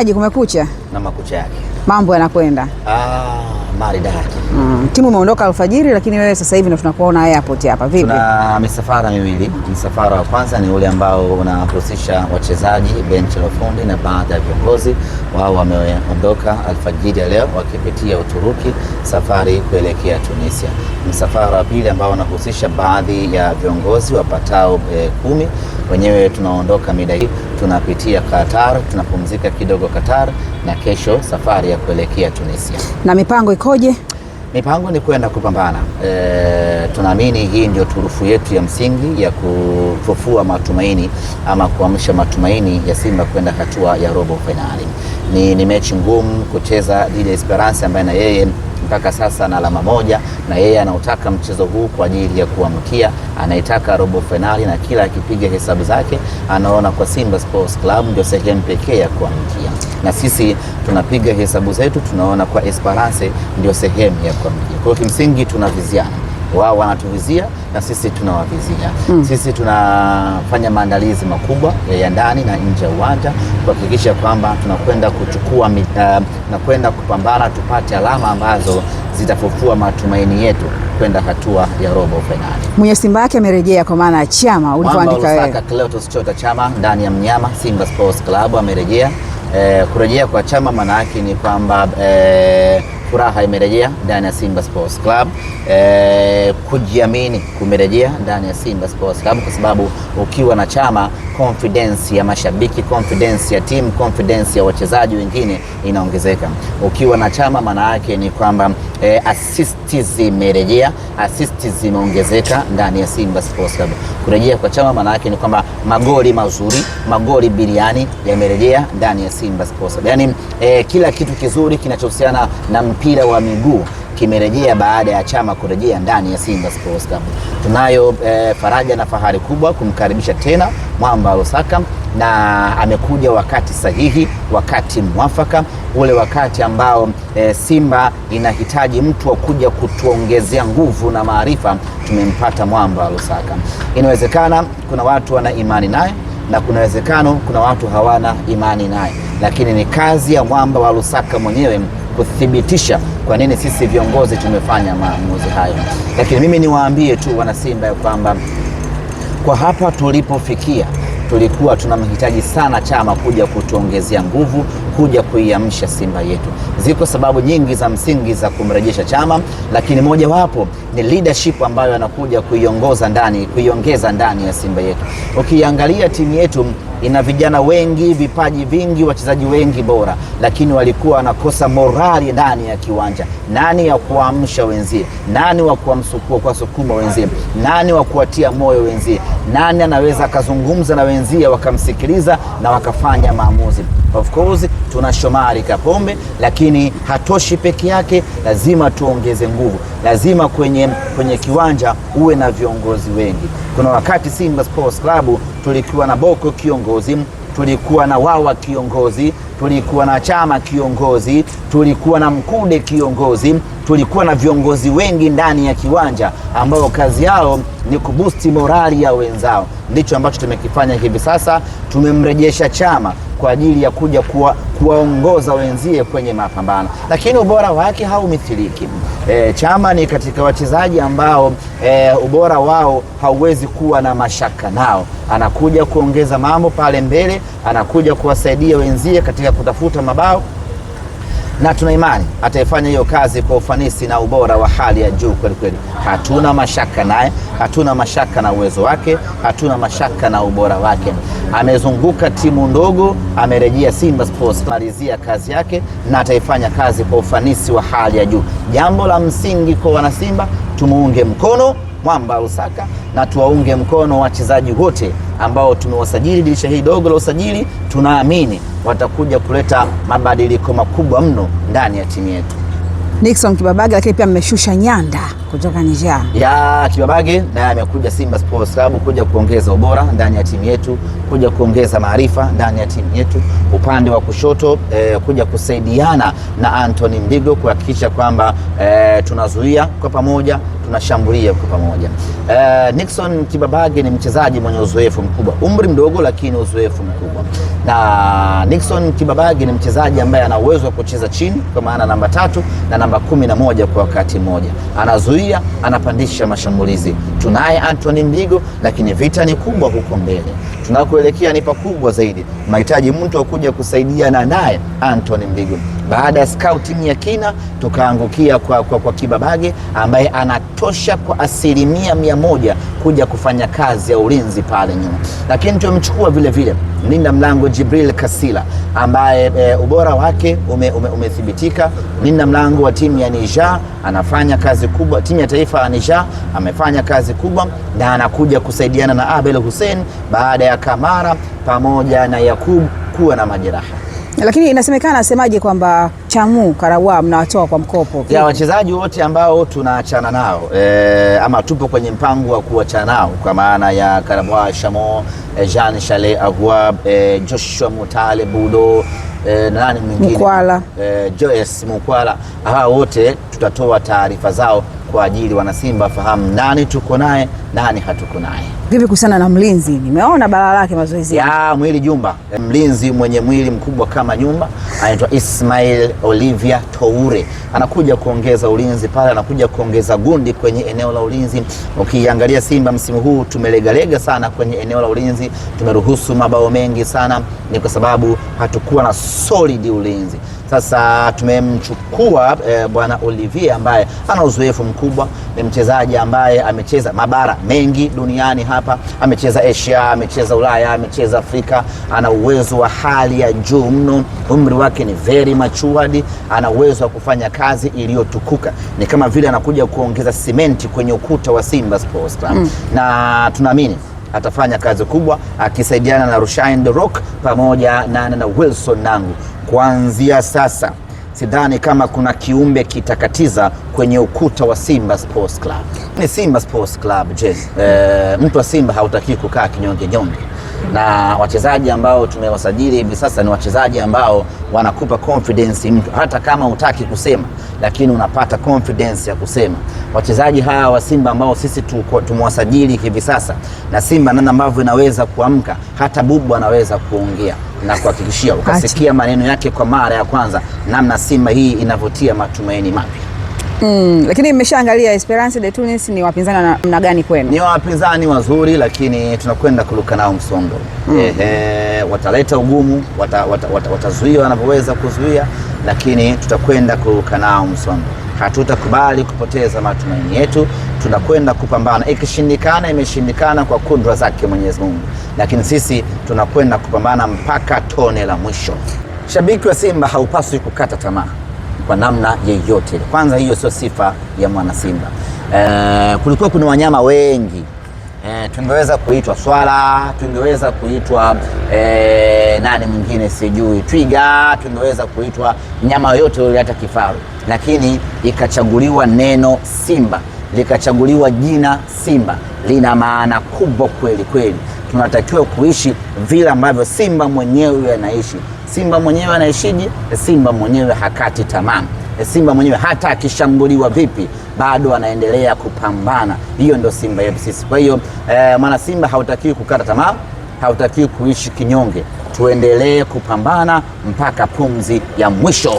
Msikilizaji, kumekucha na makucha yake mambo yanakwenda ah, maridadi. Mm. Timu umeondoka alfajiri, lakini wewe sasa hivi ndio tunakuona airport hapa. Vipi? Tuna misafara miwili. Msafara wa kwanza ni ule ambao unahusisha wachezaji, benchi la ufundi na baadhi ya viongozi wao. Wameondoka alfajiri ya leo wakipitia Uturuki, safari kuelekea Tunisia. Msafara wa pili ambao unahusisha baadhi ya viongozi wapatao eh, kumi wenyewe tunaondoka mida hii, tunapitia Qatar, tunapumzika kidogo Qatar, na kesho safari ya kuelekea Tunisia. Na mipango ikoje? Mipango ni kwenda kupambana e, tunaamini hii ndio turufu yetu ya msingi ya kufufua matumaini ama kuamsha matumaini ya Simba kwenda hatua ya robo fainali. Ni, ni mechi ngumu kucheza dhidi ya Esperance ambaye na yeye mpaka sasa na alama moja, na yeye anautaka mchezo huu kwa ajili ya kuamkia, anaitaka robo fainali, na kila akipiga hesabu zake anaona kwa Simba Sports Club ndio sehemu pekee ya kuamkia, na sisi tunapiga hesabu zetu tunaona kwa Esperance ndio sehemu ya kuamkia. Kwa hiyo kimsingi tunaviziana wao wanatuvizia na sisi tunawavizia. Mm. Sisi tunafanya maandalizi makubwa eh, ya ndani na nje ya uwanja kuhakikisha kwamba tunakwenda kuchukua uh, eh, kwenda kupambana tupate alama ambazo zitafufua matumaini yetu kwenda hatua ya robo fainali. Mwenye Simba yake amerejea kwa maana ya Chama ulivyoandika wewe. Clatous Chota Chama ndani ya mnyama Simba Sports Club amerejea. Eh, kurejea kwa Chama maana yake ni kwamba eh, Furaha imerejea ndani ya Simba Sports Club. E, kujiamini kumerejea ndani ya Simba Sports Club kwa sababu ukiwa na chama, confidence ya mashabiki, confidence ya team, confidence ya wachezaji wengine inaongezeka. Ukiwa na chama, maana yake ni kwamba e, eh, assist zimerejea, assist zimeongezeka ndani ya Simba Sports Club. Kurejea kwa chama, maana yake ni kwamba magoli mazuri, magoli biliani yamerejea ndani ya Simba Sports Club. Yaani e, kila kitu kizuri kinachohusiana na mpira wa miguu kimerejea baada ya Chama kurejea ndani ya Simba Sports Club. Tunayo e, faraja na fahari kubwa kumkaribisha tena Mwamba Lusaka na amekuja wakati sahihi, wakati mwafaka, ule wakati ambao e, Simba inahitaji mtu wa kuja kutuongezea nguvu na maarifa. Tumempata Mwamba Lusaka. Inawezekana kuna watu wana imani naye na kuna uwezekano kuna watu hawana imani naye, lakini ni kazi ya Mwamba wa Lusaka mwenyewe kuthibitisha kwa nini sisi viongozi tumefanya maamuzi hayo. Lakini mimi niwaambie tu wanasimba ya kwamba kwa hapa tulipofikia tulikuwa tunamhitaji sana chama kuja kutuongezea nguvu, kuja kuiamsha Simba yetu. Ziko sababu nyingi za msingi za kumrejesha Chama, lakini mojawapo ni leadership ambayo anakuja kuiongoza ndani, kuiongeza ndani ya Simba yetu. Ukiangalia timu yetu ina vijana wengi, vipaji vingi, wachezaji wengi bora, lakini walikuwa wanakosa morali ndani ya kiwanja. Nani ya kuamsha wenzie? Nani wa kuwamsukua kwa sukuma wenzie? Nani wa kuwatia moyo wenzie? Nani anaweza akazungumza na wenzie wakamsikiliza na wakafanya maamuzi? Of course tuna Shomari Kapombe, lakini hatoshi peke yake, lazima tuongeze nguvu. Lazima kwenye, kwenye kiwanja uwe na viongozi wengi. Kuna wakati Simba Sports Club tulikuwa na Boko kiongozi, tulikuwa na Wawa kiongozi, tulikuwa na Chama kiongozi, tulikuwa na Mkude kiongozi, tulikuwa na viongozi wengi ndani ya kiwanja ambao kazi yao ni kubusti morali ya wenzao. Ndicho ambacho tumekifanya hivi sasa, tumemrejesha Chama kwa ajili ya kuja kuwa, kuwaongoza wenzie kwenye mapambano, lakini ubora wake haumithiliki. E, Chama ni katika wachezaji ambao e, ubora wao hauwezi kuwa na mashaka nao. Anakuja kuongeza mambo pale mbele, anakuja kuwasaidia wenzie katika kutafuta mabao na tuna imani ataifanya hiyo kazi kwa ufanisi na ubora wa hali ya juu kweli kweli. Hatuna mashaka naye, hatuna mashaka na uwezo wake, hatuna mashaka na ubora wake. Amezunguka timu ndogo, amerejea Simba Sports kumalizia kazi yake, na ataifanya kazi kwa ufanisi wa hali ya juu. Jambo la msingi kwa wanasimba, tumuunge mkono Mwamba Lusaka na tuwaunge mkono wachezaji wote ambao tumewasajili dirisha hili dogo la usajili, tunaamini watakuja kuleta mabadiliko makubwa mno ndani ya timu yetu. Nixon Kibabage, lakini pia mmeshusha Nyanda kutoka Niger. Ya Kibabage naye amekuja Simba Sports Club kuja kuongeza ubora ndani ya timu yetu, kuja kuongeza maarifa ndani ya timu yetu, upande wa kushoto eh, kuja kusaidiana na Anthony Mbigo kuhakikisha kwamba eh, tunazuia kwa pamoja tunashambulia kwa pamoja. Eh, Nixon Kibabage ni mchezaji mwenye uzoefu mkubwa, umri mdogo lakini uzoefu mkubwa na Nixon Kibabagi ni mchezaji ambaye ana uwezo wa kucheza chini kwa maana namba tatu na namba kumi na moja kwa wakati mmoja, anazuia, anapandisha mashambulizi. Tunaye Anthony Mbigo, lakini vita ni kubwa huko mbele, tunakoelekea ni pakubwa zaidi, mahitaji mtu akuja kusaidia na naye Anthony Mbigo baada ya scouting ya kina tukaangukia kwa, kwa, kwa Kibabage ambaye anatosha kwa asilimia mia moja kuja kufanya kazi ya ulinzi pale nyuma, lakini tumemchukua vile vile mlinda mlango Jibril Kasila ambaye e, ubora wake umethibitika ume, ume mlinda mlango wa timu ya Niger anafanya kazi kubwa, timu ya taifa ya Niger amefanya kazi kubwa na anakuja kusaidiana na Abel Hussein baada ya Kamara pamoja na Yakub kuwa na majeraha. Lakini inasemekana asemaje kwamba Chamu Karawa mnawatoa kwa mkopo ya wachezaji wote ambao tunaachana nao e, ama tupo kwenye mpango wa kuachana nao kwa maana ya Karawa Shamo, e, Jean Chale Ahua, e, Joshua Mutale Budo E, nani mwingine Mkwala, e, Joyce Mkwala, hawa wote tutatoa taarifa zao kwa ajili wanasimba fahamu nani tuko naye nani hatuko naye. Vipi kuhusiana na mlinzi? Nimeona bala lake mazoezi ya mwili Jumba. Mlinzi mwenye mwili mkubwa kama nyumba anaitwa Ismail Olivia Toure, anakuja kuongeza ulinzi pale, anakuja kuongeza gundi kwenye eneo la ulinzi. Ukiangalia Simba msimu huu tumelegalega sana kwenye eneo la ulinzi, tumeruhusu mabao mengi sana, ni kwa sababu hatukuwa na solid ulinzi. Sasa tumemchukua e, bwana Olivier ambaye ana uzoefu mkubwa, ni mchezaji ambaye amecheza mabara mengi duniani hapa, amecheza Asia, amecheza Ulaya, amecheza Afrika. Ana uwezo wa hali ya juu mno, umri wake ni very matured, ana uwezo wa kufanya kazi iliyotukuka. Ni kama vile anakuja kuongeza simenti kwenye ukuta wa Simba Sports Club mm. na tunaamini atafanya kazi kubwa akisaidiana na Rushain Rock pamoja na, na Wilson Nangu. Kuanzia sasa sidhani kama kuna kiumbe kitakatiza kwenye ukuta wa Simba Sports Club. Ni Simba Sports Club je, e, mtu wa Simba hautaki kukaa kinyonge nyonge na wachezaji ambao tumewasajili hivi sasa ni wachezaji ambao wanakupa confidence mtu, hata kama hutaki kusema, lakini unapata confidence ya kusema. Wachezaji hawa wa Simba ambao sisi tumewasajili hivi sasa, na Simba namna ambavyo inaweza kuamka, hata bubu anaweza kuongea na kuhakikishia, ukasikia maneno yake kwa mara ya kwanza, namna Simba hii inavutia matumaini mapya. Mm, lakini mmeshaangalia Esperance de Tunis ni wapinzani na namna gani kwenu? Ni wapinzani wazuri, lakini tunakwenda kuruka nao msondo. Mm. Ehe, wataleta ugumu, watazuia wata, wata, wata wanavyoweza kuzuia, lakini tutakwenda kuruka nao msondo. Hatutakubali kupoteza matumaini yetu, tunakwenda kupambana. Ikishindikana, imeshindikana kwa kudra zake Mwenyezi Mungu, lakini sisi tunakwenda kupambana mpaka tone la mwisho. Shabiki wa Simba haupaswi kukata tamaa kwa namna yeyote. Kwanza hiyo sio sifa ya mwana Simba. E, kulikuwa kuna wanyama wengi e, tungeweza kuitwa swala, tungeweza kuitwa e, nani mwingine sijui twiga, tungeweza kuitwa mnyama yoyote yule, hata kifaru, lakini ikachaguliwa neno Simba likachaguliwa jina Simba lina maana kubwa kweli kweli. Tunatakiwa kuishi vile ambavyo Simba mwenyewe anaishi. Simba mwenyewe anaishije? Simba mwenyewe hakati tamaa. Simba mwenyewe hata akishambuliwa vipi bado anaendelea kupambana. Hiyo ndio Simba yetu sisi. Kwa hiyo eh, mwana Simba hautakiwi kukata tamaa, hautakiwi kuishi kinyonge. Tuendelee kupambana mpaka pumzi ya mwisho.